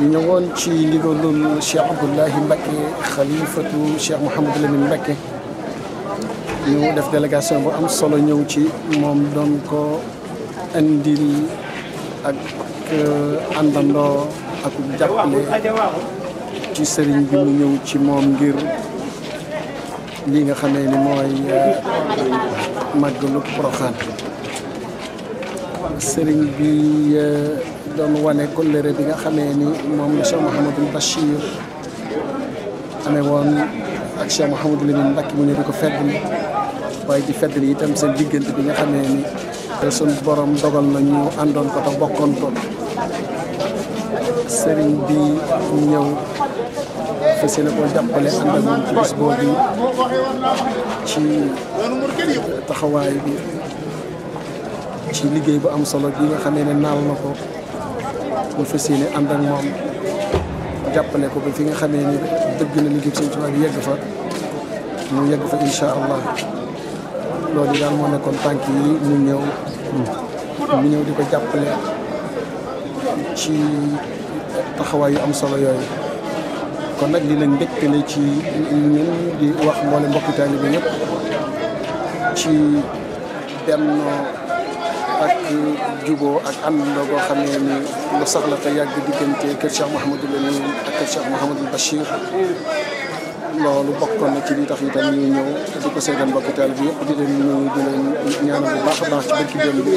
ñu ci ndigalul Cheikh Abdoulahi Mbacke xalifatu Cheikh Mouhamadou Lamine Mbacke ñu def délégation bu am solo ñëw ci moom donko ko indil ak euh, àndandoo ak jàppale ci sëriñ bi mu ci moom ngir li nga xamee ni mooy euh, màggalu Porokhane sëriñ bi. Euh, doon wane kollëre bi nga xamee ni moom la Cheikh Mouhamadul Bachir amee woon ak Cheikh Mouhamadul Lamine Mbacke mu ne di ko feddali waaye di feddali itam seen diggante bi nga xamee ni suñ borom dogal na ñu àndoon ko te bokkoon ko sëriñ bi ñëw fas yéene ko jàppale ànd ak moom ci bis boobu ci taxawaay bi. ci liggéey bu am solo bi nga xamee ne naal na ko mu fas yéene ànd ak moom jàppale ko ba fi nga xamee ni dëgg na liggéey sëñ Tuubaa bi yegg fa mu yegg fa allah loolu daal moo nekkoon tànk yi mu di ko jàppale ci taxawaay yu am solo yooyu kon nag li lañ mbégte la ci ñun di wax mboole mbokki taalibe bi ñëpp ci ak juboo ak àndandoo boo xam ne ni lu sax la te yàgg diggante kër Cheikh Mouhamadul Amin ak kër Cheikh Mouhamadul Bachir loolu bokkoon na ci li tax itam ñuy ñëw di ko seetaan mbokkitaal bi yëpp di leen ñëw di leen ñaanal bu baax a baax ci barki démb bi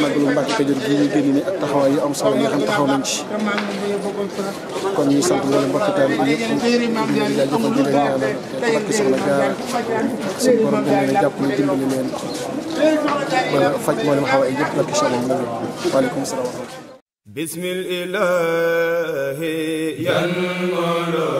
Magalu Mbàkke Kajoor gi ñu génn ni ak taxawaay yu am solo yi nga xam taxaw nañ ci kon ñu sant loolu mbokkitaal bi yëpp di leen jaajëfal di leen ñaanal barki soxna Jaara ak suñu borom dina leen jàppale dimbali leen بسم الإله ينور